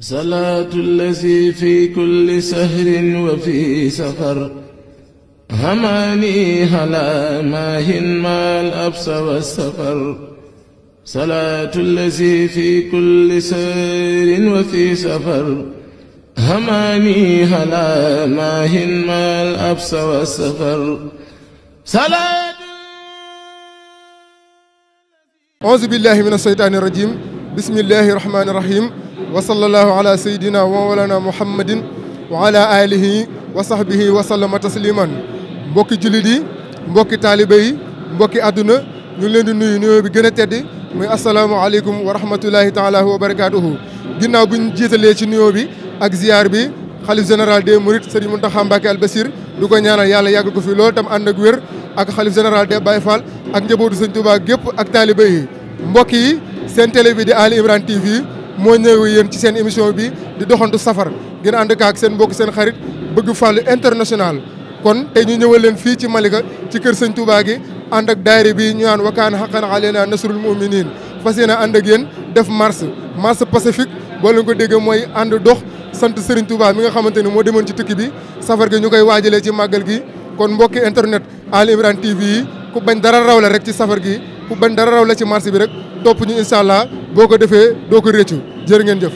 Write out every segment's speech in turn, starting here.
salaatu allazi fi kulli sahrin wa fi safar hamaani hala maahin maal absa wa safar salaatu allazi fi kulli sahrin wa fi safar hamaani hala maahin maal absa wa safar salaatu auzu billahi min asheytaani rajim bismillahi rahmaani rahim wa sallallahu ala sayyidina wa walana muhammadin wa ala alihi wa sahbihi wa sallama tasliman mbokki jullit yi mbokki taalibe yi mbokki àdduna ñu ngi leen di nuyu nuyoo bi gën a tedd muy asalaamualeykum wa rahmatullahi taala wa barakaatuhu ginnaaw bu ñu jiitalee ci nuyoo bi ak ziar bi xalif général des mourides sëriñ Mountakha Mbacké Al Bassir du ko ñaanal yàlla yàggal ko fi loolu tam ànd ak wér ak xalif général des Baye Fall ak njabootu sëñ Tuubaa gépp ak taalibe mbokk yi seen bi moo ñëw yéen ci seen émission bi di doxantu safar ngeen ànd ak seen mbokk seen xarit bëgg fàllu international. kon tey ñu ñëwal leen fii ci Malika ci kër sëñ Touba gi ànd ak daayira bi ñu naan wakaan xaqan aleyna nasrul muminin fas yéene ànd ak yéen def marche marche pacifique boo leen ko déggee mooy ànd dox sant Serigne Touba mi nga xamante ni moo demoon ci tukki bi safar gi ñu koy waajalee ci màggal gi kon mbokki internet Ali Imran TV yi ku bañ dara raw la rek ci safar gi ku bañ dara raw la ci marche bi rek topp ñu incha allah boo ko defee doo ko réccu jërë ngeen jëf.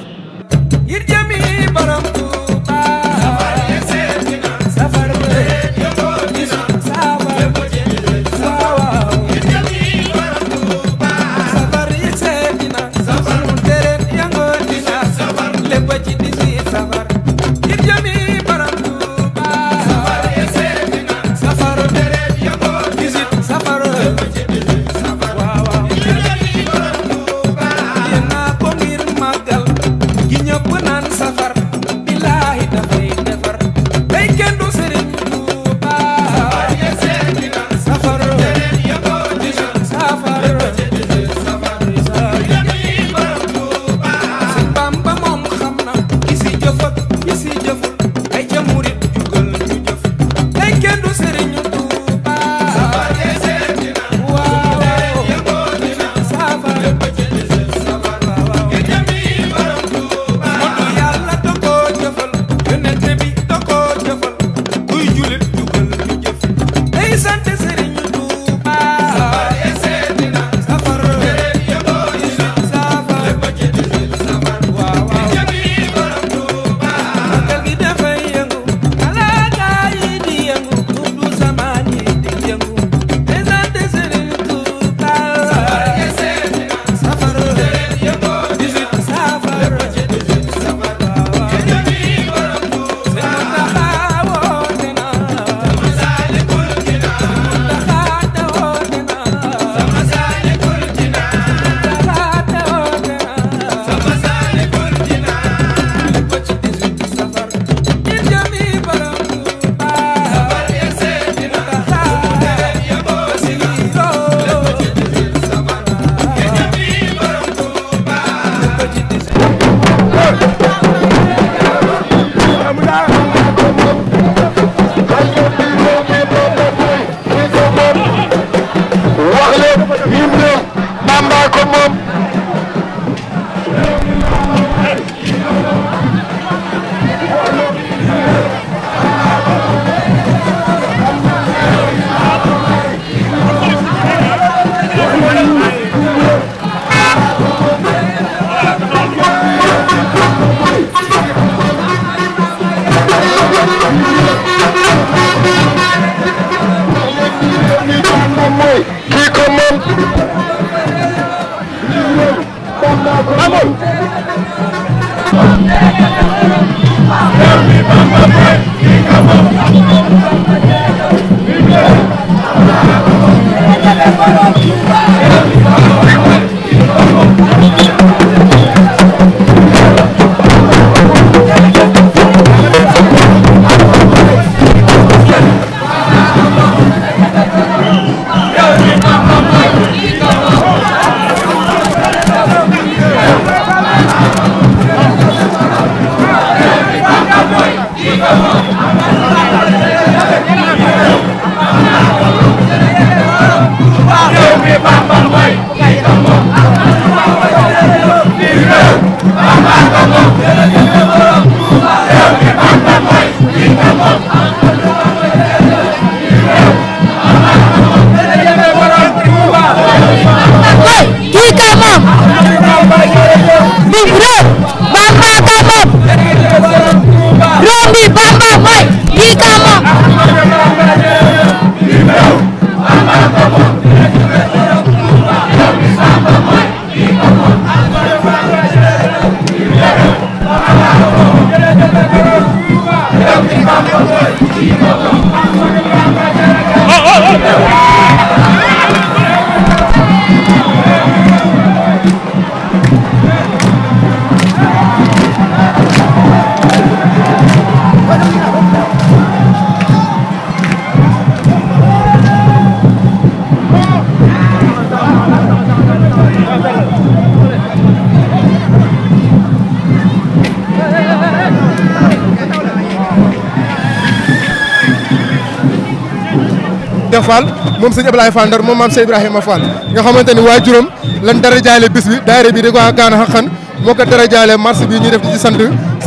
Fall moom sëñ Ablaye Fall Ndar moom maam Cheikh Ibrahima Fall nga xamante ni waa juróom lan dara bis bi daayira bi di ko gaana xaqan moo ko dara jaale mars bi ñuy def di ci sant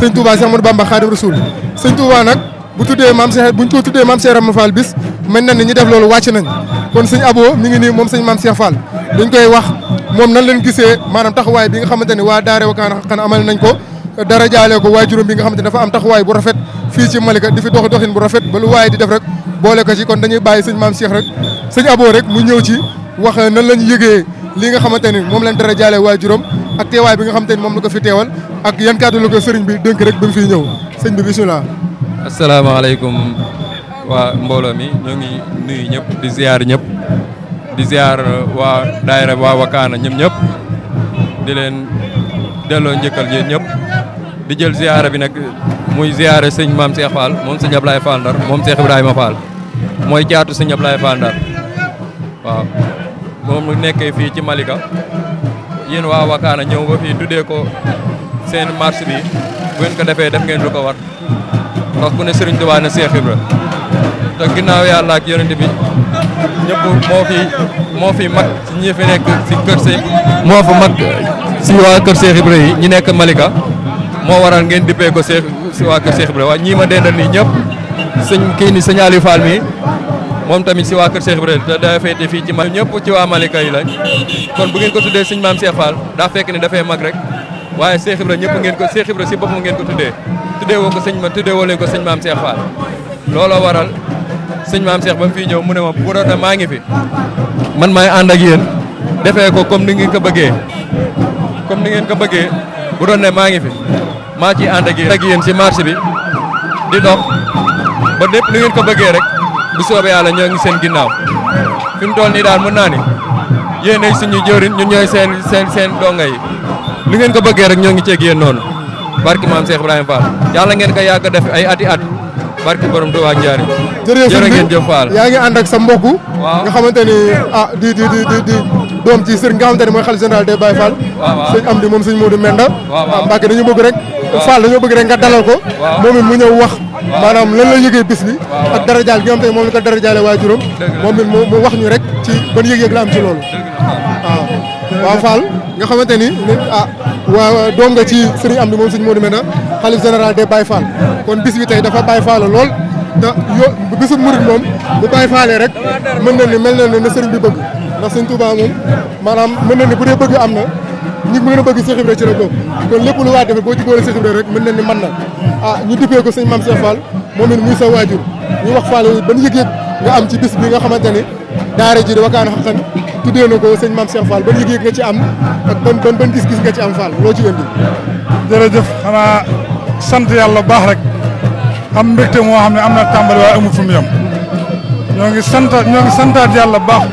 sëñ Touba Cheikh Amadou Bamba Khadim Rasoul sëñ Touba nag bu tuddee maam Cheikh buñ ko tuddee kon sëñ Abo ngi nii moom sëñ maam Cheikh koy wax moom nan leen gisee maanaam taxawaay bi nga xamante ne waa daare wakaana xaqan amal nañ juróom bi nga xamante ne dafa am taxawaay bu rafet fii ci Malika di fi dox bu rafet ba waaye di def rek boole ko ci kon dañuy bàyyi sëñ maam Cheikh rek sëñ Abo rek mu ñëw ci wax nan lañ yëgee li nga xamante ni moom lañ dara jaale waajuram ak teewaay bi nga xamante ni moom la ko fi teewal ak yan kàddu la ko sëriñ bi dënk rek bi mu fiy ñëw sëñ bi bisimilah. asalaamaaleykum waa mbooloo mi ñoo ngi nuyu ñëpp di ziar ñëpp di ziar waa daayira waa Wakaana ñëpp ñëpp di leen delloo njëkkal yéen ñëpp di jël ziar bi nag muy ziar sëñ maam Cheikh Fall moom sëñ Ablaye Fall moom Cheikh Ibrahima Fall. mooy caatu sëñ Ablaye Fall Ndar waaw moom mu nekkee fii ci Malika yéen waa Wakana ñëw ba fii dee ko seen marche bi bu ngeen ko defee def ngeen lu ko war ndax ku ne Serigne Touba ne Cheikh Ibra te ginnaaw yàlla ak bi ñëpp moo fi moo fi mag si ñi fi nekk si kër Sey moo fa mag si waa kër Cheikh Ibra yi ñi nekk Malika moo waral ngeen dippee ko Cheikh si waa kër Cheikh waaye ñii ma dendal nii ñëpp. sëñ kii ni sëñ Aliou Fall mi moom tamit si waa Kër Cheikh Ibrahima te daa fii ci ma ñëpp ci waa Malika yi lañ kon bu ngeen ko tuddee sëñ maam Cheikh Fall daa fekk ne dafay mag rek waaye Cheikh Ibrahima ñëpp ngeen ko Cheikh Ibrahima si boppam ngeen ko tuddee tuddee woo ko sëñ ma tuddee woo leen ko sëñ maam Cheikh Fall looloo waral sëñ maam Cheikh ba mu fii ñëw mu ne ma bu doon maa ngi fi man maay ànd ak yéen defee ko comme ni ngeen ko bëggee comme ni ngeen ko bëggee bu doon ne maa ngi fi maa ci ànd ak yéen si marché bi di dox ba lépp lu ngeen ko bëggee rek bu soobee yàlla ñoo ngi seen ginnaaw fi ngeen ko bëggee ngi ceeg yéen noonu barki maam Cheikh Ibrahima Fall yàlla ngeen ko yàgg def ay ati at barki borom Touba Ndiaré. jërëjëf ngeen jëf Fall yaa ngi ànd ak sa mbokk. waaw nga xamante ni a ah, di di di di doom ci sëriñ nga xamante moom sëñ Modou Menda. waaw waaw ah, bëgg rek. Fall dañoo bëgg rek nga ko. moom mu ñëw wax maanaam lan la yëgee bis bi ak darajaal gi nga xam te moom la ko darajaale waa juróom moom it mu wax ñu rek ci ban yëg-yëg la am ci loolu waaw waaw nga xamante ni ah waa doom nga ci sëriñ am di moom sëñ Modou Mena xalif général des Baye Fall kon bis bi tey dafa Baye Fall lool te yo bisu murit moom bu Baye Fallee rek mën na ni mel na ne na sëriñ bi bëgg ndax sëñ Touba moom maanaam mën na ni bu dee bëgg am na ñi mën a bëgg Cheikh Ibrahima ci la bokk kon lépp lu waay defee boo ci boole Cheikh Ibrahima na ah ñu dippee ko sëñ Mame Cheikh Fall moom it muy sa waajur ñu wax Fall ban yëg-yëg nga am ci nga xamante ni daara ji di ko sëñ Mame Cheikh Fall ban nga ci am ak ban ban ban gis-gis nga ci am Fall loo ci indi jërëjëf xanaa sant yàlla baax rek am mbégte moo xam ne am na tàmbali waaye amul fu mu yem ñoo ngi sant ñoo ngi santaat yàlla baax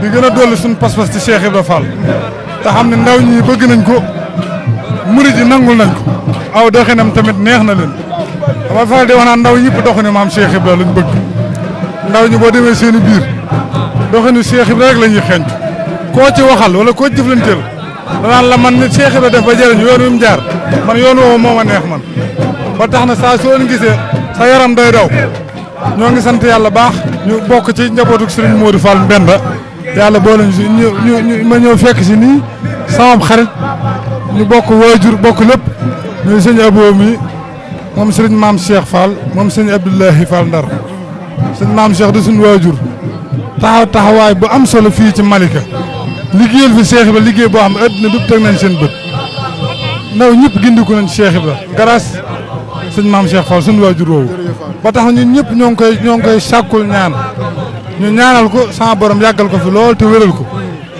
di gën a dolli suñu pas-pas ci Cheikh Ibrahima Fall te am ne ndaw ñi bëgg nañ ko murid yi nangul nañ ko aw doxinam tamit neex na leen dama faral di wax ndaw ñëpp doxinu maam Cheikh Ibra lañ bëgg ndaw ñi boo demee seen i biir doxinu Cheikh Ibra rek la koo ci waxal wala koo jëflanteel danaan la man nit Cheikh Ibra def ba jëriñ yoon wi mu jaar man yoon woowu moo ma neex man ba tax na saa soo leen gisee sa yaram day daw ñoo ngi sant yàlla baax ñu bokk ci njabootu Serigne Modou Fall Mbenda te yàlla boole ñu si ma ñëw fekk si nii sama xarit ñu bokk waajur bokk lépp ñuy sëñ Aboo mi moom sëriñ maam Cheikh Fall moom sëñ Abdoulahi Fall Ndar sëñ maam Cheikh di suñu waajur taxaw taxawaay bu am solo fii ci Malika liggéeyal fi Cheikh Ibra liggéey boo xam ne àddina bépp teg nañ seen bët ndaw ñëpp gindiku nañ Cheikh Ibra grâce sëñ maam Cheikh Fall suñu waajur woowu ba tax ñun ñëpp ñoo ngi ñaan ñu ñaanal ko sama borom yàggal ko fi lool te wéral ko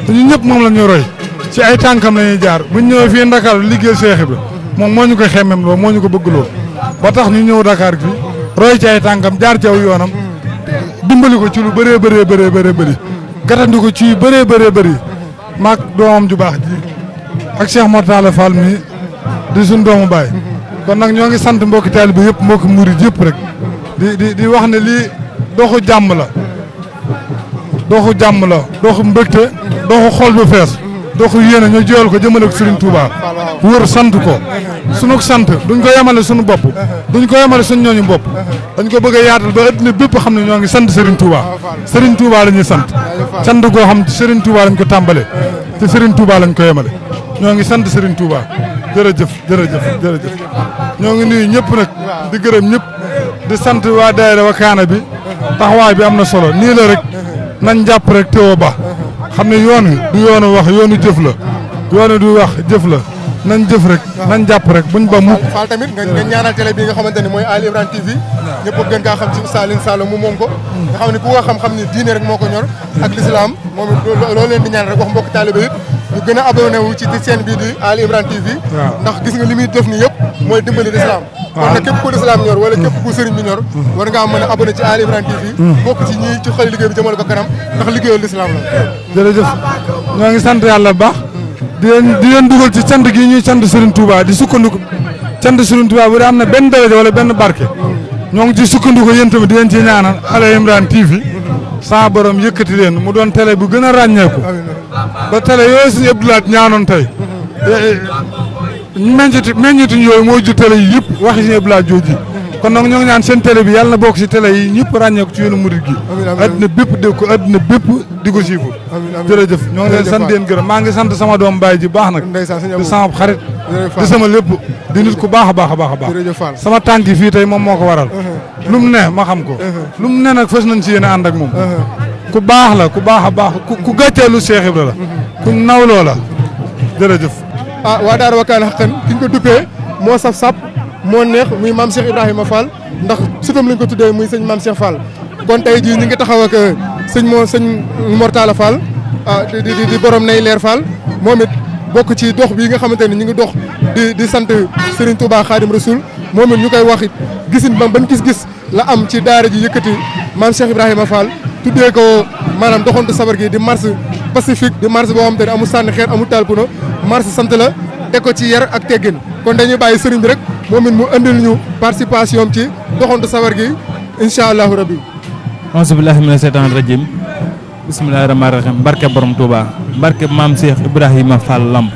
te ñun ñëpp moom la ñuy roy ci ay tànkam la ñuy jaar bu ñu ñëwee fii Ndakaaru liggéey Seex Ibra moom moo ñu ko xemmem loo moo ñu ko bëgg loo ba tax ñu ñëw Dakar bi roy ci ay tànkam jaar ci aw yoonam dimbali ko ci lu bëree bëree bëree bëree bëri gatandi ko ci bëree bëree bëri maag doomam ju baax ji ak Cheikh Mortala Fall mi di suñ doomu baay kon nag ñoo ngi sant mbokki taalibe bi yëpp mbokki murid yëpp rek di di wax ne lii doxu jàmm la doxu jàmm la doxu mbégte doxu xol bu fees doxu yéene ñoo jël ko jëmale ko Serigne Touba wër sant ko sunu sant duñ ko yemale sunu bopp duñ ko yemale sunu ñooñu bopp dañ ko bëgg a yaatal ba adduna bépp xam ne ñoo ngi sant Serigne Touba Serigne Touba la ñuy sant sant goo xam Serigne Touba lañ ko tàmbale te Serigne Touba lañ ko yemale ñoo ngi sant Serigne Touba jërëjëf jërëjëf jërëjëf ñoo ngi nuyu ñëpp nag di gërëm ñëpp di sant waa wa Wakana bi taxawaay bi am na solo nii la rek. nañ jàpp rek teewoo ba xam ne yoon wi du yoonu wax yoonu jëf la yoon du wax jëf la nañ jëf rek nañ jàpp rek buñ ba mukk Fall tamit nga ñaanal télé bi nga xamante ne mooy Ali Imran TV ñëpp gën kaa xam ci Saalin Sall mu moom nga xam ne ku ko xam-xam ni diine rek moo ko ñor ak l'islam moom loolu leen di ñaan rek wax mbokk taalibe yëpp ñu gën a abonné wu ci seen bii di Ali Imran TV ndax gis nga li muy def ni yëpp mooy dimbali l'islam kon nag képp ku lislaam ñor wala képp ku sëriñ bi ñor hmm. war ngaa mën a abonné ci Ali Imran TV hmm. bokk ci ñi ci xel liggéey bi jëmale ko kanam ndax liggéeyal lislaam la jërëjëf ñoo ngi sant yàlla bu baax di leen di leen dugal ci cant gi ñuy cant Serigne Touba di sukkandiku cant Serigne Touba bu dee am na benn daraja wala benn barke ñoo ngi ci sukkandiku yéen tamit di leen ci ñaanal Ali Imran TV sa borom yëkkati leen mu doon télé bu gën a ràññeeku ba télé yooyu suñu Abdoulaye ñaanoon tey hmm. eh, eh. meññitu meññituñ yooyu moo jur télé yi yëpp waxi si ñëpp laa jooji kon nag ñoo ñaan seen télé bi yàlla na bokk si télé yi ñëpp ràññee ko ci yoonu murid gi adduna ko adduna ko siifu ñoo ngi leen sant leen gërëm maa ngi sant sama doom baay ji baax nag di sama xarit di sama lépp di nit ku baax a baax a baax a baax sama tànk yi fii tey moom moo ko waral uh-huh. lu mu ne ma xam ko uh-huh. lu mu ne nag fas nañ si yéen a ànd ak moom uh-huh. ku baax la ku baax a baax ku gàcceelu Cheikh Ibra la ku nawloo la jërëjëf ah waa Daara Wakana xaqan ki ñu ko duppee moo saf sap moo neex muy maam Cheikh Ibrahima Fall ndax sutam lañ ko tuddee muy sëñ maam Cheikh Fall. kon tey jii ñu ngi taxaw ak euh, sëñ moo sëñ Mortala Fall ah, di borom nay leer Fall moom it bokk ci dox bii nga xamante ni ñu ngi dox di sant Serigne Touba Khadim Rasoul moom it ñu koy wax it gisin ba ban gis-gis la am ci daara ji yëkkati maam Cheikh Ibrahima Fall tuddee ko maanaam doxantu sabar gi di mars pacifique di marche boo xam te ne amul sànni xeer amul taal puno marche sant la teg ci yar ak teggin kon dañuy bàyyi sëriñ bi rek moom it mu indil ñu participation am ci doxantu safar gi incha allahu rabbi. auzu billahi mina seytaani rajim bismillahi rahmaani rahim mbarke borom Touba mbarke maam Cheikh Ibrahima Fall Lamb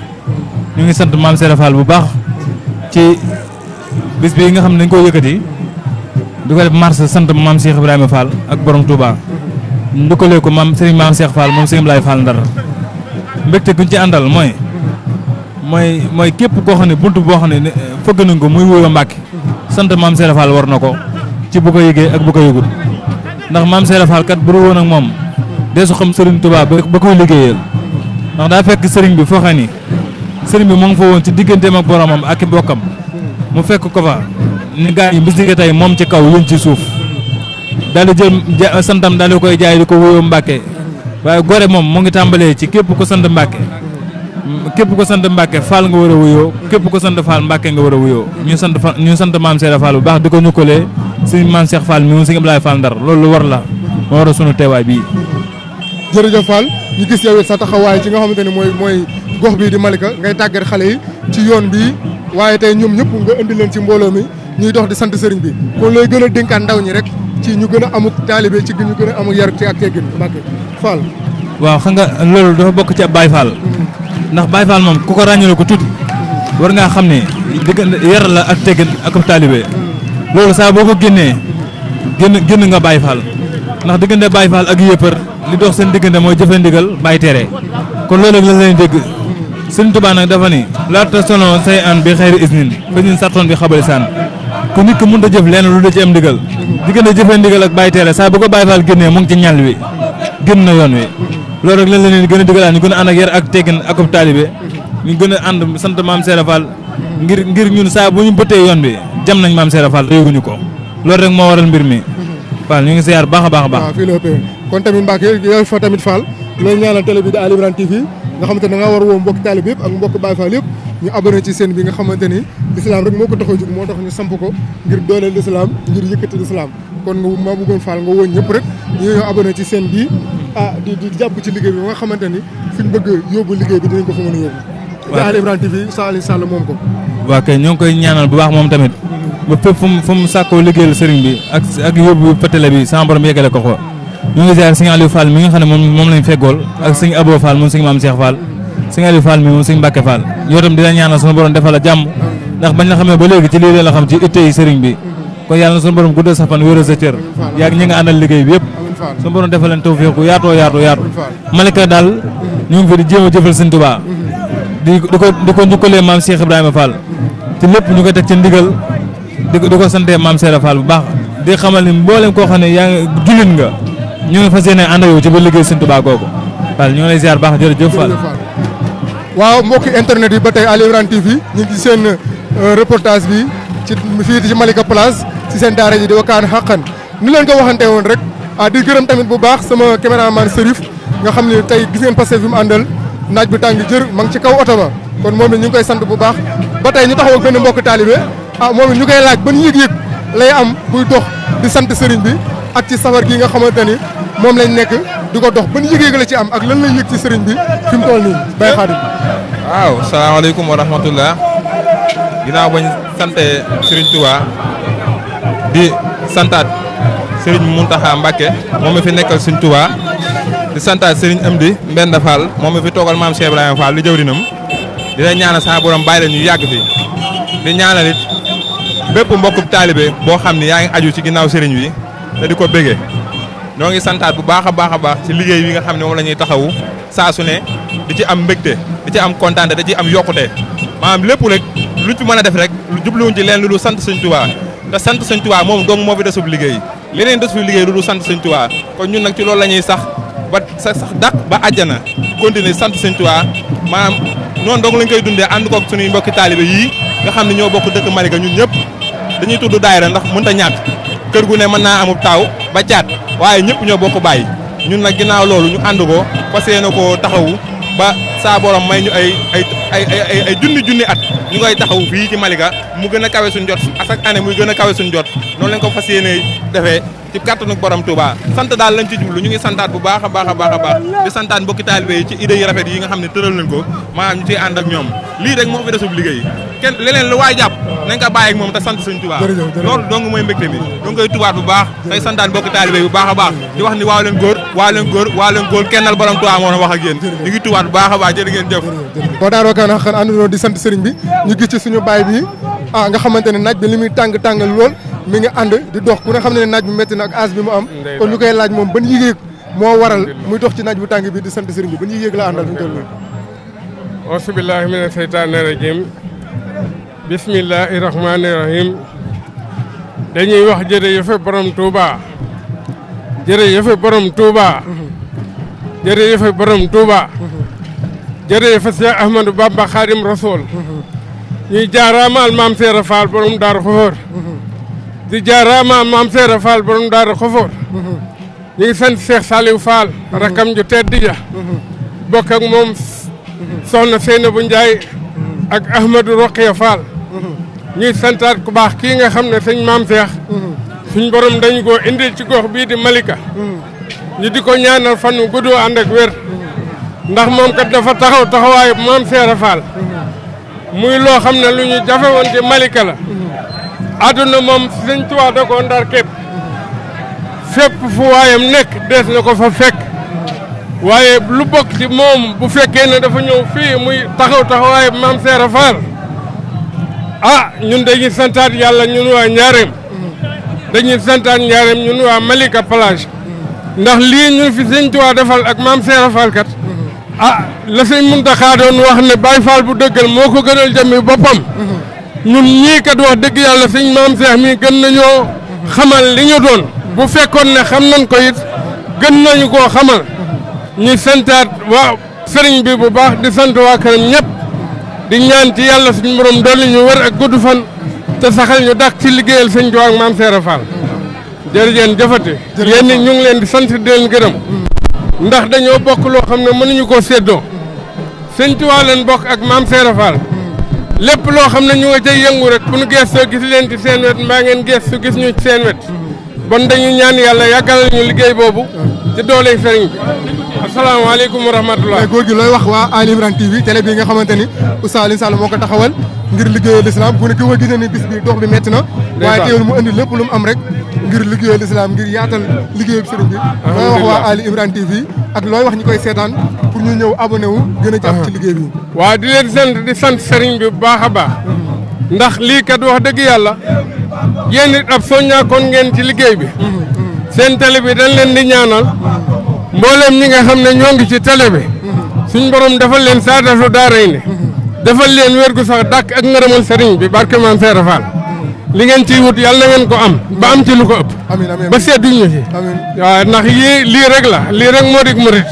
ñu ngi sant maam Cheikh Fall bu baax ci bis bi nga xam ne dañ koo yëkkati di ko def marche sant maam Cheikh Ibrahima Fall ak borom Touba. lëkkale ko maam sëriñ maam Cheikh Fall moom sëriñ Laay Fall Ndar mbégte guñ ci àndal mooy mooy mooy képp koo xam ne bunt boo xam ne fëgg nañ ko muy wuyoo Mbàkke sant maam Cheikh Fall war na ko ci bu ko yëgee ak bu ko yëgul ndax maam Cheikh Fall kat bu woon ak moom dee su xam sëriñ tubaab ba koy liggéeyal ndax daa fekk sëriñ bi foo xam ni sëriñ bi mu ngi fa woon ci digganteem ak boromam ak i bokkam mu fekk ko fa ni gaa yi bis tey moom ci kaw wuñ ci suuf daal di jël santam daal di koy jaay di ko wuyoo Mbàkke waaye gore moom mu ngi tàmbalee ci képp ko sant Mbàkke képp ko sant Mbàkke Fall nga war a wuyoo képp ko sant Fall Mbàkke nga war a wuyoo ñu sant fa ñu sant maam Cheikh Fall bu baax di ko ñukkalee suñu maam Cheikh Fall mi mu suñu Abdoulaye Fall Ndar loolu lu war la moo war a sunu teewaay bii jërëjëf Fall ñu gis yow sa taxawaay ci nga xamante ni mooy mooy gox bii di Malika ngay tàggat xale yi ci yoon bii waaye tey ñoom ñëpp nga indi leen ci mbooloo mi ñuy dox di sant sëriñ bi kon looy gën a ndaw ñi rek ci ñu gën a amuk taalibe ci ñu gën a amuk yar ci ak teggin Mbàkke Fall. waaw xam nga loolu dafa bokk ci ab Baye Fall. Mm-hmm. ndax baay Fall moom ku ko ràññale ko tuuti. war ngaa xam ne digg yar la ak teggin ak ab taalibe. Mm-hmm. loolu saa boo ko génnee génn génn nga Baye Fall. ndax diggante Baye Fall ak yëppër li dox seen diggante mooy jëfe ndigal bàyyi tere kon loolu la leen dégg Sëriñ Tuubaa nag dafa ni laata sonoo say an bi xayri isnin fa ñun sartoon bi xabali ku nit ko mënut a jëf leen lu da ci am ndigal diggante jëfee ndigal ak bàyyi teele saa bu ko bàyyi faal génnee mu ngi ci ñal wi gën yoon wi loolu rek lañ leen gën a digalaat ñu gën a ànd ak yar ak teggin ak ab taalibe ñu gën a ànd sant maam Seera Fall ngir ngir ñun saa bu ñu bëttee yoon bi jam nañ maam Seera Fall yëguñu ko loolu rek moo waral mbir mi Fall ñu ngi siyaar baax a baax a baax kon tamit Mbacke yow fa tamit Fall loolu ñaanal ne nga war woo mbokk taalibe yëpp ak mbokk Baye Fall yëpp ñu abonné ni lislaam rek moo ko tax a jóg moo tax ñu samp ko ngir dooleel lislaam ngir yëkkati lislaam kon nga maa bëggoon faal nga woo ñëpp rek ñu ci seen bii ah jàpp ci bi ba xamante ni fi ñu bëgg yóbbu liggéey bi dinañ ko fa mën sa Ali Sall ko. ñoo ngi koy ñaanal bu baax moom tamit. ba fépp fu mu fu mu bi ak ak yóbbu fëtale bi sama borom xam ne moom moom lañ feggool ak sëñ Abo Fall moom sëñ Maam Cheikh Fall sëñ Aliou Fall tam di ñaanal sunu borom defal la jàmm ndax bañ la xamee ba léegi ci lii leen la xam ci itte sëriñ bi kon yàlla na suñu borom guddal sa fan sa cër yaag ñi nga àndal liggéey bi yëpp suñu borom defal leen tawféex bu yaatoo yaatu yaatu malika daal ñu ngi fi di jéem a jëfal sëñ Tuubaa di mm-hmm. di ko di ko maam Cheikh Ibrahima Fall ko santee maam Cheikh Fall bu baax di xamal ni mboolem koo xam ne yaa ngi jullit nga ñu ngi fas yéene ànd yow ci ba liggéey sëñ googu Fall ñu ngi lay ziar baax jërëjëf Fall waaw mbokki internet Euh, reportage bi ci fii ci Malika Place ci seen daara ji di wakaan xàqan ni leen ko waxante woon rek ah di gërëm tamit bu baax sama caméraman Serif nga xam ne tey gis ngeen passé fi mu àndal naaj bu tàng jër ma ngi ci kaw oto ba kon moom it ñu ngi koy sant bu baax ba tey ñu taxaw ak benn mbokk taalibe ah moom it koy laaj ban yëg-yëg lay am buy dox di sant sëriñ bi ak ci safar gi nga xamante ni moom lañ nekk di ko dox ban yëg-yëg la ci am ak lan lay yëg ci sëriñ bi fi mu toll nii bay xaadim salaamaaleykum wa rahmatullah ginnaaw bañ sante Serigne Touba di santaat Serigne Mountakha Mbacké moom mi fi nekkal Serigne Touba di santaat Serigne Amdi Mbenda Fall moom mi fi toogal maam Cheikh Ibrahima Fall li jëwrinam di leen ñaanal sa borom bàyyi la ñu yàgg fi di ñaanal it bépp mbokku taalibe boo xam ne yaa ngi aju ci ginnaaw sëriñ bi te di ko bége ñoo ngi santaat bu baax a baax a baax ci liggéey wi nga xam ne moom la ñuy taxaw saa su ne di ci am mbégte di ci am kontaante di ci am yokkute maanaam lépp lu ci mën a def rek lu jubluwuñ ci leen lu dul sant sëñ Tuubaa te sant sëñ Tuubaa moom doom moo fi desub liggéey leneen des fi liggéey lu dul sant sëñ Tuubaa kon ñun nag ci loolu la ñuy sax ba sax dàq ba àjjana continuer sant sëñ Tuubaa maanaam noonu dong lañ koy dundee ànd koog suñuy mbokki taalibe yii nga xam ne ñoo bokk dëkk Malika ñun ñëpp dañuy tudd daayira ndax mënut a ñàkk kër gu ne mën naa amub taaw ba caat waaye ñëpp ñoo bokk bàyyi ñun nag ginnaaw loolu ñu ànd ko fas yéene ko taxawu ba saa borom may ñu ay ay ay ay ay junni junni at ñu koy taxaw fii ci Malika mu gën a kawe suñ jot à chaque année muy gën a kawe suñ jot noonu lañ ko fas yéene defee ci kàttanu borom Touba sant daal lañ ci jublu ñu ngi santaat bu baax a baax a baax a baax di santaat mbokki taalibe yi ci idée yi rafet yi nga xam ne tëral nañ ko maanaam ñu ciy ànd ñoom lii rek moo fi desub liggéey leneen lu waay jàpp nañ ko moom te sant sëñ Touba loolu dong mooy mbégte mi dong koy tubaat bu baax tey santaat mbokki taalibe bu baax a baax di wax ni waaw leen góor waaw leen góor waaw leen góor kennal borom Touba moo wax a baax jërë ngeen jëf boo daaroo kan xan àndandoo di sant sëriñ bi ñu gis ci suñu baay bi ah nga xamante ne naaj bi mi nga ànd di dox ku ne xam ne naaj bi metti nag ak bi mu am kon ñu koy laaj moom ban yëg-yëg moo waral muy dox ci naaj bu tàng bi di sant sëriñ bi ban yëg-yëg la àndal fi mu toll nii asubillahi mina seytaani rajim bismillahi rahmaani rahim dañuy wax jërëjëfe borom Touba jërëjëfe borom Touba jërëjëfe borom Touba jërëjëfe Cheikh Ahmadou Bamba Khadim Rasoul ñuy jaaraamaal maam Seera Fall borom Daaru Xoxoor di jaaraama maam Seera Fall borom daara Xofor ñu ngi sant Cheikh Saliou Fall rakam ju tedd ja bokk ak moom soxna Seynabou Ndiaye ak Ahmadou Roqiya Fall ñuy santaat ku baax kii nga xam ne sëñ maam Cheikh suñ borom dañu koo indil ci gox bii di Malika ñu di ko ñaanal fan wu gudd ànd ak ndax moom kat dafa taxaw taxawaay maam Seera Fall muy loo xam ne lu ñu jafe woon ci Malika la adduna moom Sëriñ Tuubaa da koo ndar képp fépp fu waayam nekk dees na ko fa fekk waaye lu bokk ci moom bu fekkee ne dafa ñëw fii muy taxaw taxawaaye maam Seera Faal ah ñun dañuy santaat yàlla ñun waa Njaareem dañuy santaat Njaareem ñun waa Malika Plage ndax lii ñun fi Sëriñ Tuubaa defal ak maam Seera Faal kat ah la Sëriñ Muntaxa doon wax ne Baay Faal bu dëggal moo ko gënal jëmmi boppam ñun ñii kat wax dëgg yàlla suñ maam Cheikh mi gën nañoo xamal li ñu doon bu fekkoon ne xam nañ ko it gën nañu ko xamal ñu santaat waa sëriñ bi bu baax di sant waa këram ñëpp di ñaan ci yàlla suñu borom dolli ñu wër ak gudd fan te saxal ñu dàq ci liggéeyal sëñ Tuubaa ak maam Cheikh Fall jërëjëf jëfate yéen ñu ngi leen di sant di leen gërëm ndax dañoo bokk loo xam ne mënuñu koo seddoo sëñ waa leen bokk ak maam Cheikh Fall lépp loo xam ne ñu nga cay yëngu rek bu nu gëstoo gis leen ci seen wet mbaa ngeen gëstu gis ñu ci seen wet bon dañu ñaan yàlla yàggalal ñu liggéey boobu ci dooley sëriñ bi asalaamaaleykum wa rahmatulah góor gi looy wax waa Ali Imran TV télé bii nga xamante ni u Alioune Sall moo ko taxawal ngir liggéeyal islam bu ne ki ko gisee ni bis bi dox bi métti na waaye teewul mu indi lépp lu mu am rek ngir liggéeyal islam ngir yaatal liggéeyal sëriñ bi looy wax waa Ali ak looy wax ñi koy seetaan pour ñu ñëw abonné wu gën a liggéey bi waaw di leen sant di sant sëriñ bi bu baax a baax ndax lii kat wax dëgg yàlla yéen it ab soññaakoon ngeen ci liggéey bi seen télé bi dañ leen di ñaanal mboolem ñi nga xam ne ñoo ngi ci télé bi suñ borom defal leen saadatu daaray ne defal leen wér gu sax dàkk ak ngërëmal sëriñ bi barke maam Seera li ngeen ci wut yàlla na ngeen ko am ba am ci lu ko ëpp ba sedduñ ñu ci waaw ndax yii lii rek la lii rek moo dig murit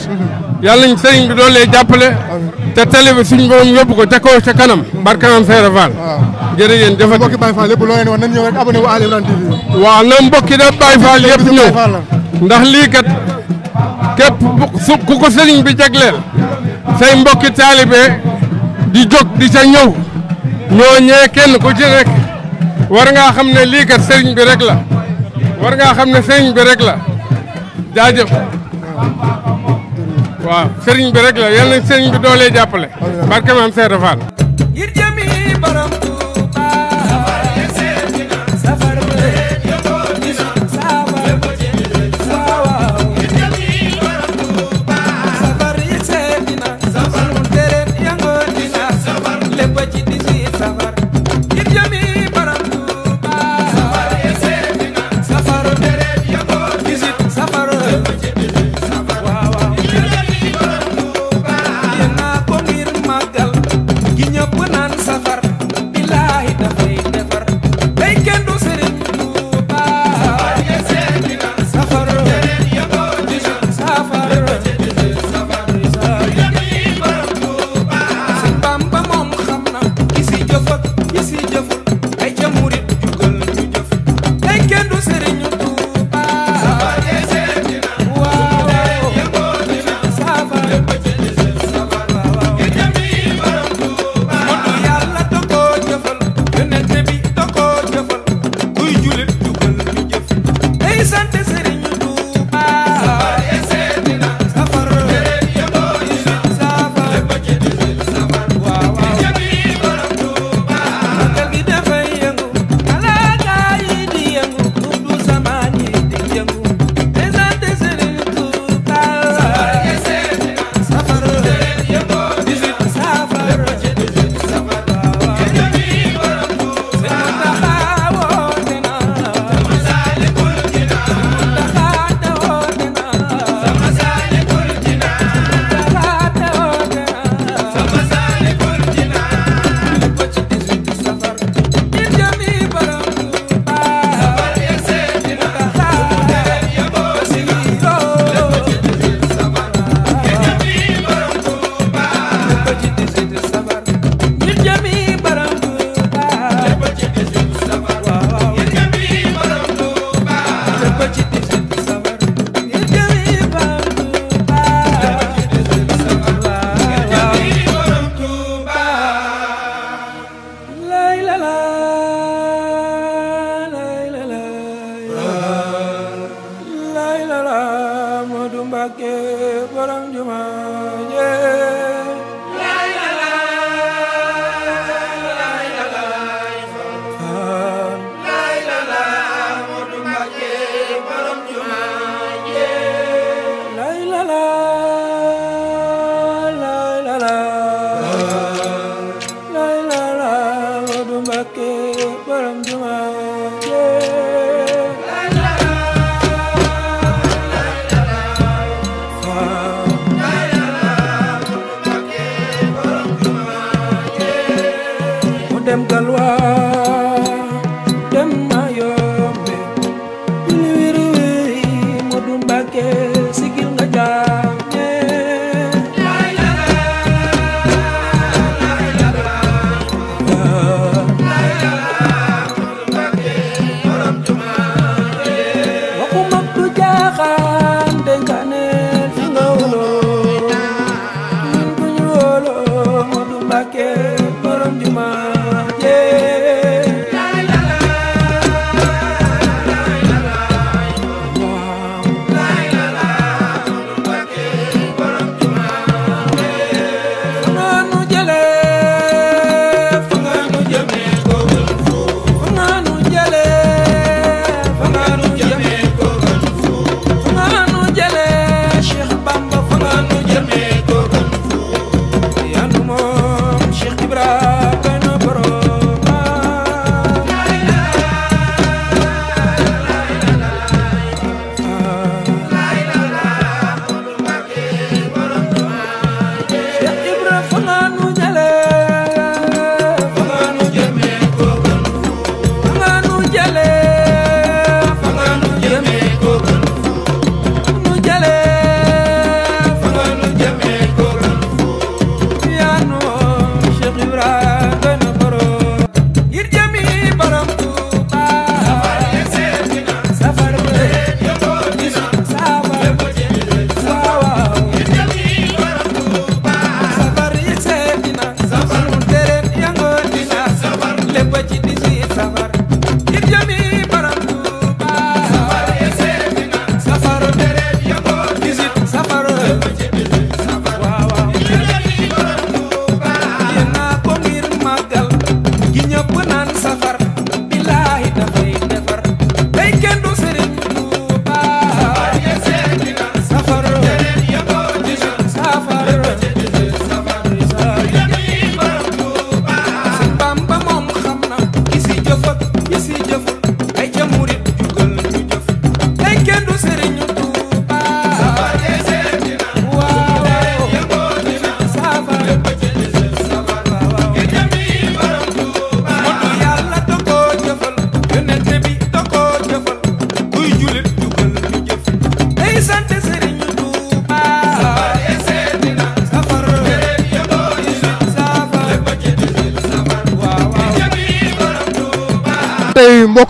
yàlla nañ sëriñ bi doolee jàppale te tali bi suñ boobu yóbbu ko ca kaw kanam. barke maam Seere Fall. waaw ah. jërëjëf jëfandikoo mbokki Baye lépp loo leen wax nañ ñëw rek abonné mbokki da Baye Fall yëpp ndax lii kat ku ko sëriñ bi jagleel say mbokki taalibe di jóg di ca ñëw ñoo kenn ko ci rek war ngaa xam ne liikat kat sëriñ bi rek la war ngaa xam ne sëriñ bi rek la jaajëf. waaw sëriñ bi rek la yal na sëriñ bi doolee jàppale barke maam Seydou Fall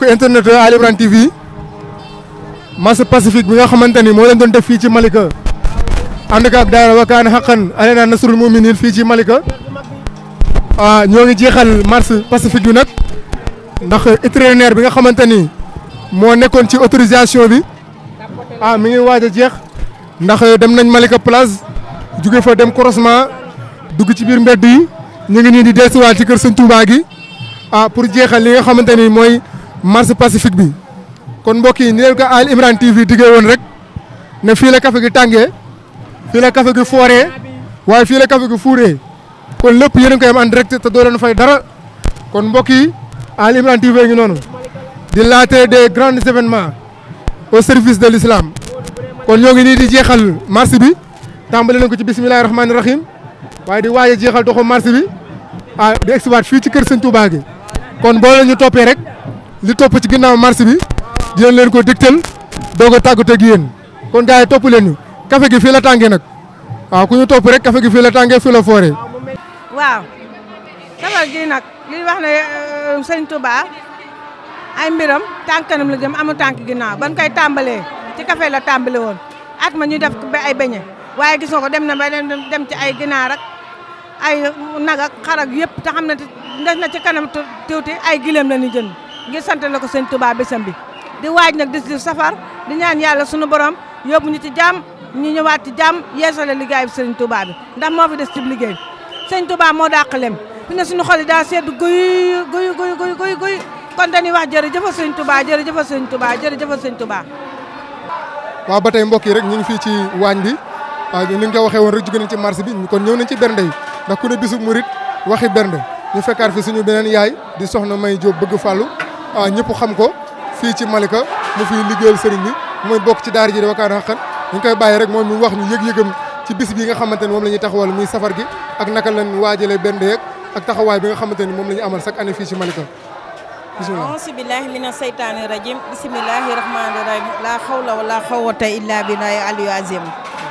mbokk internet Ali Imran TV marche pacifique bi nga xamante ni moo leen doon def fii ci Malika ànd ak daayira Wakana Haqqan alaynaa nasrul mu'minin fii ci Malika a ah, ñoo ngi jeexal marche pacifique bi nag ndax itinéraire bi nga xamante ni moo nekkoon ci autorisation bi ah mi ngi waaj jeex ndax dem nañ Malika place jóge fa dem croisement dugg ci biir mbedd yi ñu ngi nii di deesuwaat ci kër Sëñ Touba gi ah pour jeexal li nga xamante mooy marche pacifique bi kon mbokk yi ni leen ko Ali Imran TV diggee woon rek ne fii la café gi tàngee fii la café gi fooree waaye fii la café gi fuuree kon lépp yéen a ngi koy direct te doo na fay dara kon mbokk yi Ali Imran TV ngi noonu di laatee des grands événements au service de l'islam kon ñoo ngi nii di jeexal marche bi tàmbale nañ ko ci bismillahi rahmaani rahim waaye di waaj jeexal doxu marche bi ah di egsiwaat fii ci kër Sëñ Touba gi kon boo leen ñu toppee rek. li topp ci ginnaaw marché bi dinañ leen ko digtal doog a tàggatoo ak yéen kon gars yi topp leen ñu café gi fii la tàngee nag waaw ku ñu topp rek café fii la tàngee fii la fooree. waaw safar gi nag li wax ne euh, sëñ Touba ay mbiram tànk kanam la jëm amu tànk ginnaaw ban koy tàmbalee ci café la tàmbale woon at ma ñuy def ba ay beñe waaye gis nga ko dem na ba dem ci ay ginaar ak ay nag ak xar yëpp te xam ne des na ci kanam tuuti ay gileem la ñu jënd. ngir sant la ko sëñ Touba bésam bi di waaj nag di safar di ñaan yàlla sunu borom yóbbu ñu ci jàmm ñu ñëwaat ci jàmm yeesale liggéey bi sëñ tubaab bi ndax moo fi des ci liggéey sëñ Touba moo dàq lem fi ne suñu xol yi daa sedd guy guy guy guy guy guy kon dañuy wax jërëjëfa sëñ Touba jërëjëfa sëñ Touba jërëjëfa sëñ Touba waa ba tey mbokk yi rek ñu ngi fii ci waañ bi waaw ni nga ko waxee woon rek jóge nañ ci marché bi kon ñëw nañ ci bernde yi ndax ku ne bisu murit waxi bernde ñu fekkaat suñu beneen yaay di soxna May Jóob bëgg fàllu Ah, ñëpp xam ko fii ci Malika mu fiy liggéeyal sëriñ bi mooy bokk ci daar ji di Wakana Haqqan dañ koy bàyyi rek moom mu wax ñu yëg-yëgam ci bis bi nga xamante ni moom la ñuy taxawal muy safar gi ak naka lañ waajalee benn yeeg ak taxawaay bi nga xamante ni moom la ñu amal chaque année fii ci Malika bisimilah auzu billahi mina seytaani rajim bisimilahi rahmaani rahim laa xawla wala xawata illa billahi aliyu azim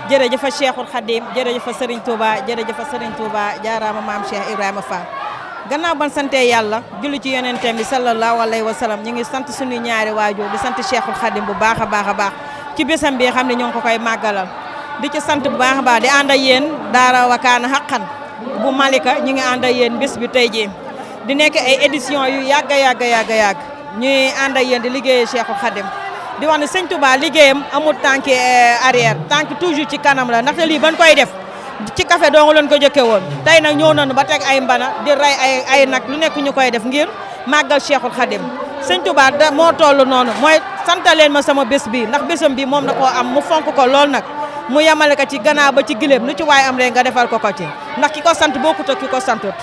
jërëjëfa Cheikhul Khadim jërëjëfa Serigne Touba jërëjëfa Serigne Touba jaaraama maam Cheikh Ibrahima Fall gannaaw ban sante yàlla julli ci yonenteem bi sallallahu alayhi wa sallam ñu ngi sant suñuy ñaari waajur di sant Cheikhul Khadim bu baax a baax a baax ci bésam bi xam ne ñoo ngi ko koy màggalal di ci sant bu baax a baax di ànd ak yéen daara wakaana xaqan bu Malika ñi ngi ànd ak yéen bés bi tey jii di nekk ay édition yu yàgg a yàgg yàgg yàgg ñuy ànd ak yéen di liggéeyee Cheikhul Khadim di wax ne sëñ Touba liggéeyam amul tànki eh, arrière tànk toujours ci kanam la ndax lii ban koy def ci café dong lañ ko jëkke woon tey na ñëw nañu ba teg ay mbana di rey ay ay nag lu nekk ñu koy def ngir màggal Cheikhul Khadim sëñ Touba da moo toll noonu mooy santaleen ma sama bés bi ndax bésam bi moom na koo am mu fonk ko lool nag mu yemale ko ci gannaaw ba ci gileem nu ci waay am rek nga defar ko ko ci ndax ki ko sant boo ak ki ko santut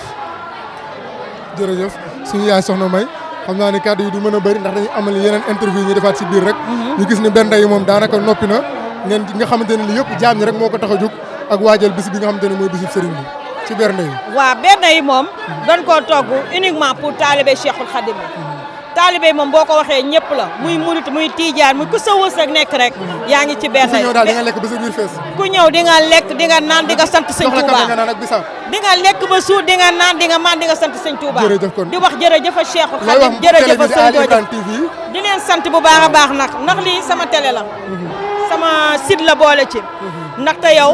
jërëjëf suñu yaay soxna May xam naa ne kàddu yi du mën a bëri ndax dañu amal yeneen interview ñu defaat si biir rek mhm. gis ne benn yi moom daanaka noppi na ngeen nga xamante ne li yëpp ñi rek moo ko tax a jóg ak waajal bis bi nga xamante ne mooy bisu sëriñ bi ci berne yi. waaw berne yi moom. dañ koo togg uniquement pour taalibe Cheikhul Khadim. taalibe moom boo ko waxee ñëpp la muy murit muy tiijaan muy ku sa wës rek nekk rek. yaa ngi ci berne yi ku ñëw daal di nga lekk ba sa biir fees. ku ñëw di nga lekk di nga naan di nga sant sëñ Touba soxla nga naan di nga lekk ba suur nga naan di nga maan di nga sant sëñ Touba. jërëjëf kon di wax jërëjëf Cheikhul Khadim jërëjëf sëñ jooju di leen sant bu baax a baax nag ndax lii sama télé la mhm. sama site la boole ci mhm. ndaxte yow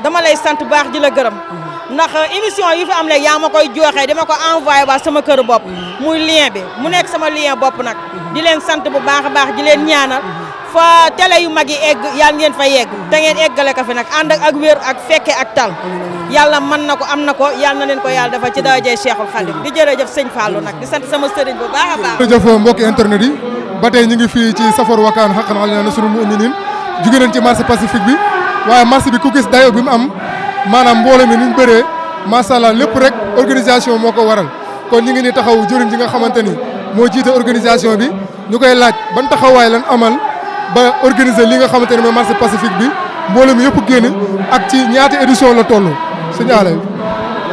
dama lay sant baax ji la gërëm mm-hmm. ndax émission yi fi am léegi yaa ma koy jooxee dama ko envoyé waa sama kër bopp mm-hmm. muy lien bi mu nekk sama lien bopp nag mm-hmm. di leen sant bu baax a baax di leen ñaanal fa télé yu mag yi egg yàlla ngeen fa yegg da ngeen eggale ko fi nag ànd ak wér ak fekke ak tal yàlla mën na ko am na ko yàlla na leen ko yàlla dafa ci darajay Cheikhul Khadim di jërëjëf sëñ Fallou nag di sant sama sëriñ bu baax a baax jërëjëf mbokki internet yi ba tey ñu ngi fii ci Safar Wakkaan xaqan na sunu muminin jóge nañ ci marché pacifique bi waaye marché bi ku gis dayo bi mu am maanaam mbooloo mi nuñ bëree macha allah lépp rek organisation moo ko waral kon ñu ngi ni taxaw jëriñ ji nga xamante ni moo jiite organisation bi ñu koy laaj ban taxawaay lan amal ba organiser li nga xamante ne mooy marché pacifique bi mbooloo mi yëpp génn ak ci ñaata édition la toll suñu àll bi.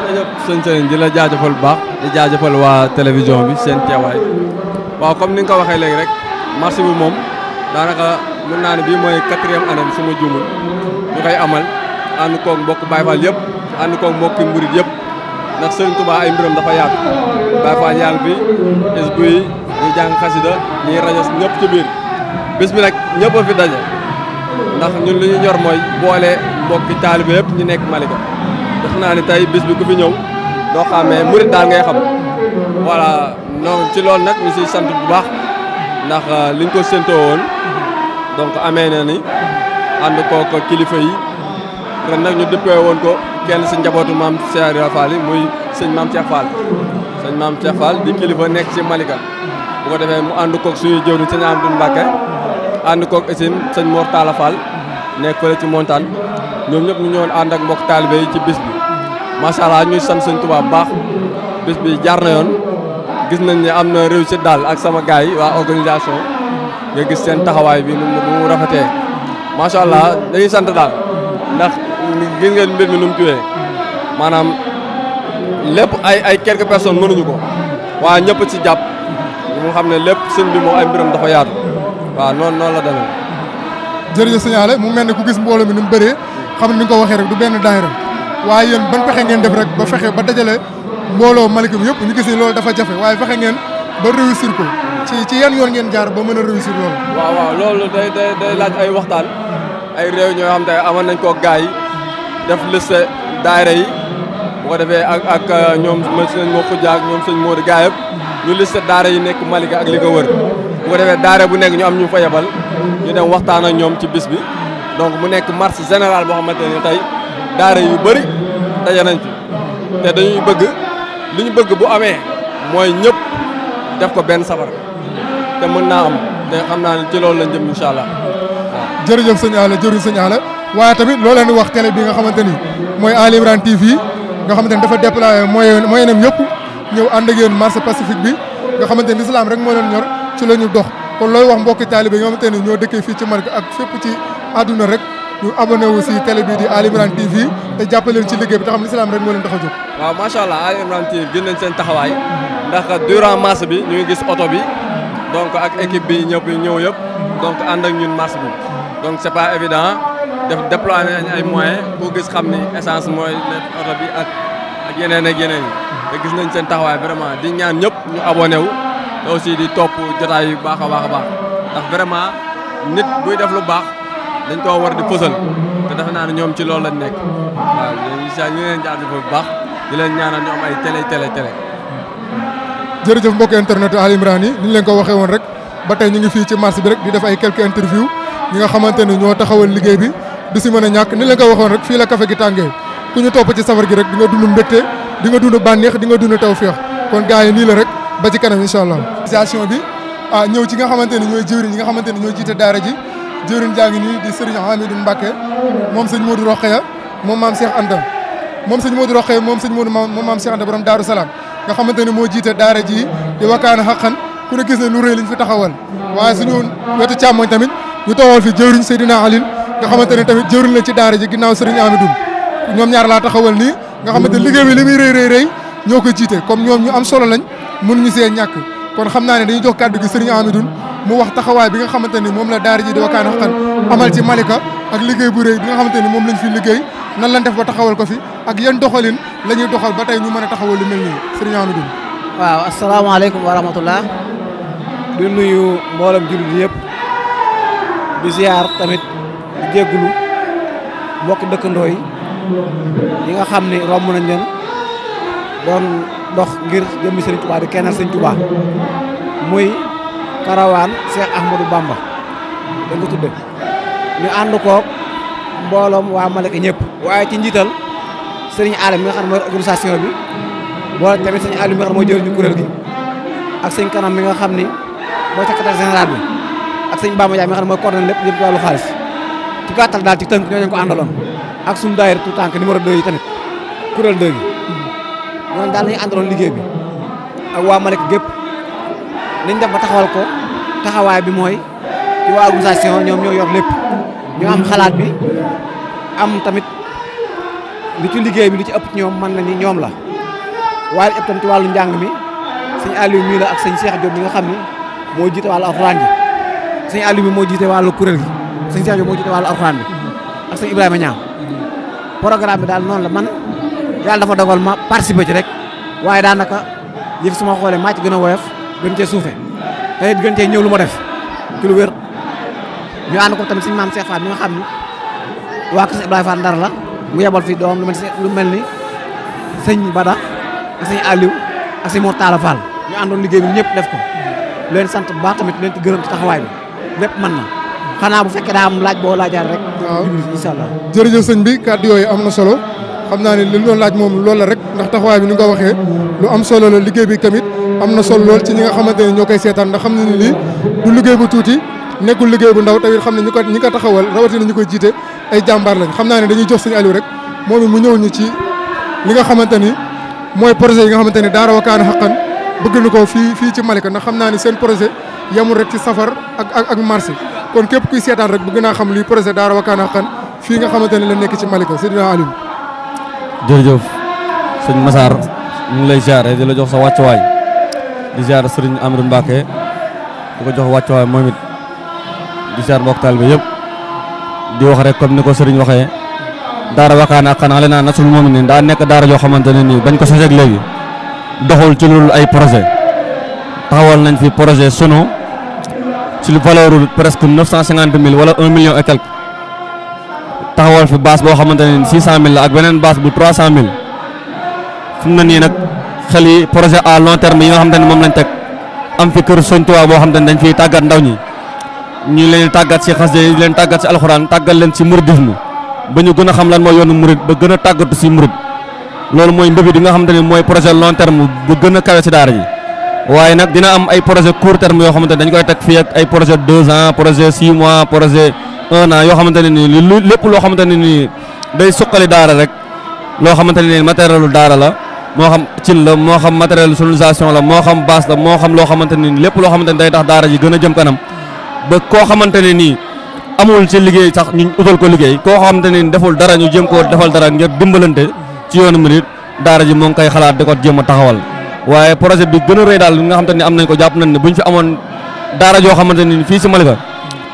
jërëjëf sëñ Sëriñ la jaajëfal bu baax di jaajëfal waa télévision bi seen teewaay waaw comme ni nga ko waxee léegi rek marché bi moom daanaka. mun naa ne bii mooy quatrième année su ma juumul ñu koy amal ànd koog mbokk Baye Fall yëpp ànd koog mbokki murit yëpp ndax Sëriñ Tuubaa ay mbiram dafa yaatu Baye Fall yàlla bi isbu yi ñuy jàng xasida ñuy rajas ñëpp ci biir bis mi nag ñëpp a fi daje ndax ñun li ñu ñor mooy boole mbokki taalibe yëpp ñu nekk Malika def naa ne tay bis bi ku fi ñëw doo xamee murit daal ngay xam voilà ci loolu nag ñu siy sant bu baax ndax euh, liñ ko séntoo woon donc amee na ni ànd kooko kilifa yi ren nag ñu dëppee woon ko kenn si njabootu maam Cheikh Fall yi muy sëñ maam Cheikh Fall sëñ maam Cheikh Fall di kilifa nekk si Malika bu ko defee mu ànd koog suñu jëwriñ sëñ Amadou Mbacke ànd koog isin sëñ Mor Talla Fall nekk fële ci montaan ñoom ñëpp ñu ñëwoon ànd ak mbokk taalibe ci bis bi macha allah ñuy sant sëñ Tuubaa baax bis bi jaar na yoon gis nañ ne am na réussite daal ak sama gars yi waa organisation nga gis seen taxawaay bi nu mu rafetee macha allah dañuy sant daal ndax gis ngeen mbir mi nu mu tuwee maanaam lépp ay ay quelques personnes mënuñu ko waaye ñëpp ci jàpp mu xam ne lépp sëñ bi moo ay mbiram dafa yaatu waa noonu noonu la demee. jërëjëf signalé mu mel ne ku gis mbooloo mi ni mu bëree xam ni nga ko waxee rek du benn daayira waaye yéen ban pexe ngeen def rek ba fexe ba dajale mbooloo Malick yëpp ñu gis ni loolu dafa jafe waaye fexe ngeen ba réussir ko. ci ci yan yoon ngeen jaar ba mën a réussir loolu. waaw loolu day day day laaj ay waxtaan ay réunion yoo xam te amoon nañ koo gars yi def liste daare yi bu defee ak ak euh, ñoom sëñ ku Diak ñoom sëñ Modou gaa yëpp ñu liste daara yi nekk Malika ak li ko wër bu ko defee daara bu nekk ñu am ñu fa yebal ñu dem waxtaan ak ñoom ci bis bi donc mu nekk marche générale boo xamante ne tey daare yu bëri daje nañ ci te dañuy bëgg li ñu bëgg bu amee mooy ñëpp def ko benn safar te mën naa am te xam naa ne ci loolu lañ jëm incha allah waaw. jërëjëf sëñ Alla jërëjëf sëñ Alla waaye tamit loo leen di wax télé bi nga xamante ni mooy Ali Imran TV nga xamante ni dafa déplacé moyen moyen am yëpp ñëw ànd ak yéen marché pacifique bi nga xamante ni islam rek moo leen ñor ci la ñu dox kon looy wax mbokki taalibe yi nga xamante ñoo dëkkee fii ci ci àdduna rek ñu abonné wu si télé bi di Ali Imran TV te jàppaleen ci liggéey bi te xam ne islam rek moo leen tax a jóg. waaw macha allah Ali Imran TV gën seen taxawaay ndax durant marché bi ñu gis oto bi. donc ak équipe bi ñëpp ñëw yëpp donc ànd ak ñun marche bi donc c'est pas évident def déployer nañ ay moyens pour gis xam ni essence mooy nekk bi ak ak yeneen ak yeneen gis nañ seen taxawaay vraiment di ñaan ñëpp ñu abonné wu aussi di topp jotaay yu baax a baax a baax ndax vraiment nit buy def lu baax dañ koo war di fësal te defe naa ne ñoom ci loolu lañ nekk waaw ñu ngi leen jaajëfal bu baax di leen ñaanal ñu am ay télé télé télé. jërëjëf mbokk internet Ali ni leen ko waxee woon rek ba tey ñu ngi fii ci marché bi rek di def ay quelques interview ñi nga xamante ne ñoo taxawal liggéey bi du si mën a ñàkk ni leen ko waxoon rek fii la café gi tàngee ku ñu topp ci safar gi rek di nga dund mbégte di nga dund bànneex di nga dund tawféex kon gars yi nii la rek ba ci kanam incha allah bi ah ñëw ci nga xamante ne ñooy jëwriñ ñi nga xamante ne ñooy jiite daara ji jëwriñ jaa ngi nii di Serigne Hamidou Mbacké moom sëñ Modou Rokhaya moom maam Cheikh Anta moom sëñ Modou Rokhaya moom sëñ Modou moom maam Cheikh Anta Salaam nga xamante ne moo jiite daara ji di wakkaana xaqan ku ne gis ne lu rëy liñ fi taxawal waaye suñu wetu càmmoñ tamit ñu toowal fi jëwriñ Seydina Alin nga xamante ne tamit jëwriñ la ci daara ji ginnaaw Serigne Amidoum ñoom ñaar laa taxawal nii nga xamante liggéey bi li muy rëy rëy rëy ñoo ko jiite comme ñoom ñu am solo lañ mun ñu see ñàkk kon xam naa ne dañuy jox kàddu gi Serigne Amidoum mu wax taxawaay bi nga xamante ni moom la daara ji di wakkaana xaqan ak liggéey bu rëy bi nga xamante ni moom lañ fi liggéey nan lañ def taxawal ko fi ak yan doxalin la ñuy doxal ba tey ñu mën a taxawal lu mel nii sëriñ Amadou waaw asalaamaaleykum wa rahmatullah di nuyu mboolem jullit yëpp di tamit di jéggulu mbokk dëkkandoo yi yi nga xam ni romb nañ leen doon dox ngir jëmmi sëriñ Touba di kennal sëriñ Touba muy karawaan Cheikh Ahmadou bàmba da nga tudde ñu ànd koog mbooloom waa Malika ñëpp waaye ci njiital sëriñ Alam mi nga xam mooy organisation bi boole tamit sëriñ Alam mi nga xam ne mooy jëriñu kuréel gi ak sëriñ kanam mi nga xam ni mooy secrétaire général bi ak sëriñ Bamba Ndiaye mi nga mooy coordonné lépp lépp ci wàllu xaalis ci daal ci tënk ñoo ko àndaloon ak suñu daayira tout tànk numéro 2 yi tamit kuréel 2 gi ñoom daal lañu àndaloon liggéey bi ak waa Malek gépp liñ def ba taxawal ko taxawaay bi mooy ci waa organisation ñoom ñoo yor lépp ñu am xalaat bi am li ci liggéey bi li ci ëpp ci ñoom mën ñi ni ñoom la waaye ëpp ci wàllu njàng mi sëñ Aliou mii la ak sëñ Cheikh Diop mi nga xam ni moo jiite wàllu alxuraan ji sëñ Aliou mi moo jiite wàllu kuréel gi sëñ Cheikh Diop moo jiite wàllu alxuraan bi ak sëñ Ibrahima Niang programme bi daal noonu la man yàlla dafa dogal ma participer ci rek waaye daanaka yëf ma xoolee maa ci gën a woyof gën cee suufe te it gën cee ñëw lu ma def ci lu wér ñu ko tamit suñu maam Cheikh Fall mi nga xam ni waa Kër Ibrahima Fall la mu yebal fi doom lu mel ni sëñ Bada ak sëñ Aliou ak sëñ Mor Talla Fall ñu àndoon liggéey bi ñëpp def ko leen sant bu baax tamit leen ci gërëm ci taxawaay bi lépp mën na xanaa bu fekkee daa am laaj boo laajaat rek. waaw incha allah sëñ bi kàddu yooyu am na solo xam naa ni li ñu doon laaj moom loolu la rek ndax taxawaay bi ni nga ko waxee lu am solo la liggéey bi tamit am na solo lool ci ñi nga xamante ne ñoo koy seetaan ndax xam ne ni lii du liggéey bu tuuti nekkul liggéey bu ndaw tamit xam ne ñu ko ñi ko taxawal ñu koy jiite ay jàmbaar lañ xam naa ne dañuy jox sëñ Aliou rek moom it mu ñëw ñu ci li nga xamante ni mooy projet yi nga xamante ni Daara Wakana Haqqan bëgg na ko fii fii ci Malika ndax xam naa ni seen projet yemul rek ci safar ak ak ak marché kon képp kuy seetaan rek bëgg naa xam lii projet Daara Wakana Haqqan fii nga xamante ne la nekk ci Malika sëñ Aliou. jërëjëf sëñ Massar ñu ngi lay ziare di la jox sa wàccuwaay di ziare sëriñ am Mbacke di ko jox wàccuwaay moom it di ziare mbokk taalibe yëpp. di wax rek comme ni ko sëriñ waxee daara wakaana xanaa le naa nasul moom ni daa nekk daara yoo xamante ne nii bañ ko soseeg léegi doxul ci loolu ay projet taxawal nañ fi projet sunu ci lu valeur presque neuf cent cinquante mille wala un million et quelque taxawal fi base boo xamante ne nii six cent mille la ak beneen base bu trois cent mille fu na nii nag xel yi projet à long terme yi nga xamante ne moom lañ teg am fi kër Sëñ Tuubaa boo xamante ne dañ fiy tàggat ndaw ñi ñu leen tàggat ci xasida di leen tàggat ci alxuraan tàggat leen ci muridisme ba ñu gën a xam lan mooy yoonu murid ba gën a tàggatu ci murid loolu mooy mbébét yi nga xamante mooy projet long terme bu gën a kawe ci daara ji waaye nag dina am ay projet court terme yoo xamante ne dañ koy teg fii ay projet deux ans projet six mois projet un an yoo xamante ne nii lépp loo xamante ne nii day suqali daara rek loo xamante ne nii matérielu daara la moo xam cin la la moo xam basse la moo xam loo xamante ne nii lépp loo xamante a jëm kanam ba koo xamante ne nii amul ci liggéey sax ñu utal ko liggéey koo xamante ne nii deful dara ñu jéem koo defal dara ngir dimbalante ci yoonu murit daara ji moo ngi koy xalaat di ko jéem a taxawal waaye projet bi gën a rëy daal bi nga xamante ne am nañ ko jàpp nañ ne buñ fi amoon daara joo xamante ne nii fii si Malika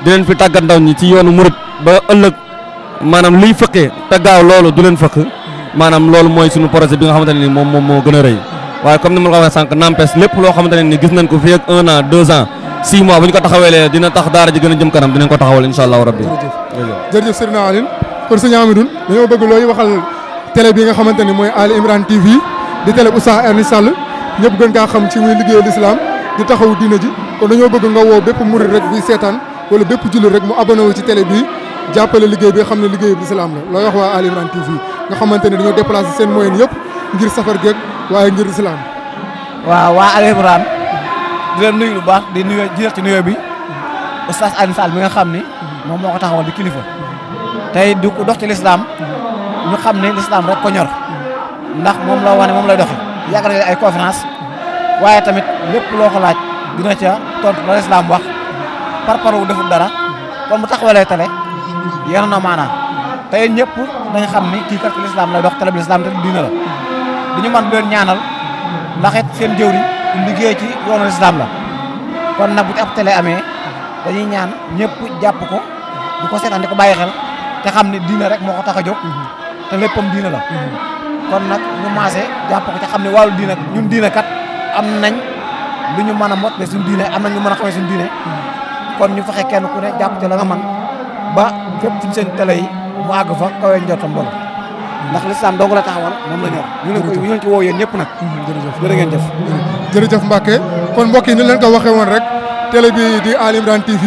dinañ fi tàggat ndaw ñi ci yoonu murit ba ëllëg maanaam luy fëkkee te gaaw loolu du leen fëkk maanaam loolu mooy suñu projet bi nga xamante ne nii moom moom moo gën ni ma la ko waxee sànq nampes lépp loo xamante ne nii gis nañ ko fii ak six mois bu ñu ko taxaweelee dina tax daara ji gën a jëm kanam dinañ ko taxawal incha allahu rabbi jërëjëf sëriñ Aline kon sëñ Amidoun dañoo bëgg looy waxal télé bi nga xamante mooy Ali Imran TV di télé Oustaz Alioune Sall ñëpp gën kaa xam ci muy liggéeyal islam di taxaw diina ji kon dañoo bëgg nga woo bépp murid rek buy seetaan wala bépp jullit rek mu abonné ci télé bi jàppale liggéey bi xam ne liggéeyu islam la looy wax waa Ali Imran TV nga xamante ne dañoo déplacé seen moyen yëpp ngir safar di leen nuyu lu baax di nuyu di ci nuyoo bi oustaz Alioune Sall mi nga xam ni moom moo ko taxawal di kilifa tey du dox ci lislaam ñu xam ne lislaam rek ko ñor ndax moom loo wax ne moom lay doxee yàgg na ay conférence waaye tamit lépp loo ko laaj dina ca tontu la lislaam wax par paru deful dara kon mu taxawalee tale yéen na maanaam tey ñëpp dañ xam ni kii kat ci lislaam lay dox tale bi lislaam te diina la duñu man bu leen ñaanal ndax it seen jëwriñ liggéey ci yoonu lislaam la kon nag bu ci ab télé amee dañuy ñaan ñëpp jàpp ko di ko seetaan di ko bàyyi xel te xam ne diina rek moo ko tax a jóg te léppam diina la kon nag ñu maase jàpp ko te xam ne wàllu diina ñun diina kat am nañ lu ñu mën a mot le suñu diine am nañ ñu mën a xamee suñu diine kon ñu fexe kenn ku ne jàpp ci la nga man ba fépp fuñ seen télé yi mu àgg fa kawe njortam loolu ndax lislaam dong la taxawal moom la ñor ñu leen ko ñu leen ci woo yéen ñëpp nag mm, jërëjëf jërë jëf jërëjëf kon mbokk yi ni leen ko waxee woon rek télé bi di Ali Imran TV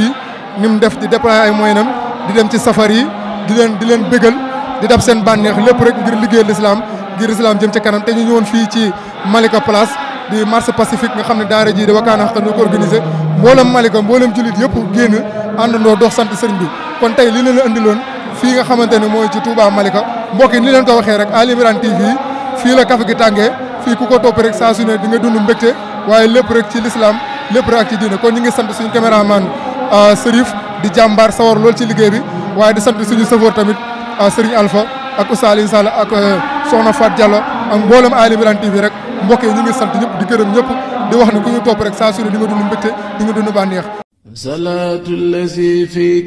ni mu def di déployer ay moyens am di dem ci safar yi di leen di leen bégal di def seen bànneex lépp rek ngir liggéeyal lislaam ngir lislaam jëm ca kanam te ñu ñëwoon fii ci Malika Place di marché pacifique nga xam ne daara jii di wakaana xaqan ñoo ko organisé mboolem Malika mboolem jullit yëpp génn àndandoo dox sant sëriñ bi kon tey lii leen la indiloon fii nga xamante ne mooy ci Touba Malika mbokk yi ni leen ko waxee rek Ali Imran TV fii la kafe gi tàngee fii ku ko topp rek saa su di nga dund mbégte waaye lépp rek ci lislaam lépp rek ak ci diine kon ñu ngi sant suñu caméraman euh, Serif di jàmbaar sawar lool ci liggéey bi waaye di sant suñu sëfoor tamit euh, Serigne Alpha ak Oustaz Alioune Sall ak euh, Soxna Fat Diallo ak mboolem Ali Imran TV rek mbokk yi ñu ngi sant ñëpp di gërëm ñëpp di wax ne ku ñu topp rek saa su ne di nga dund mbégte di nga dund bànneex salaatu lazi fi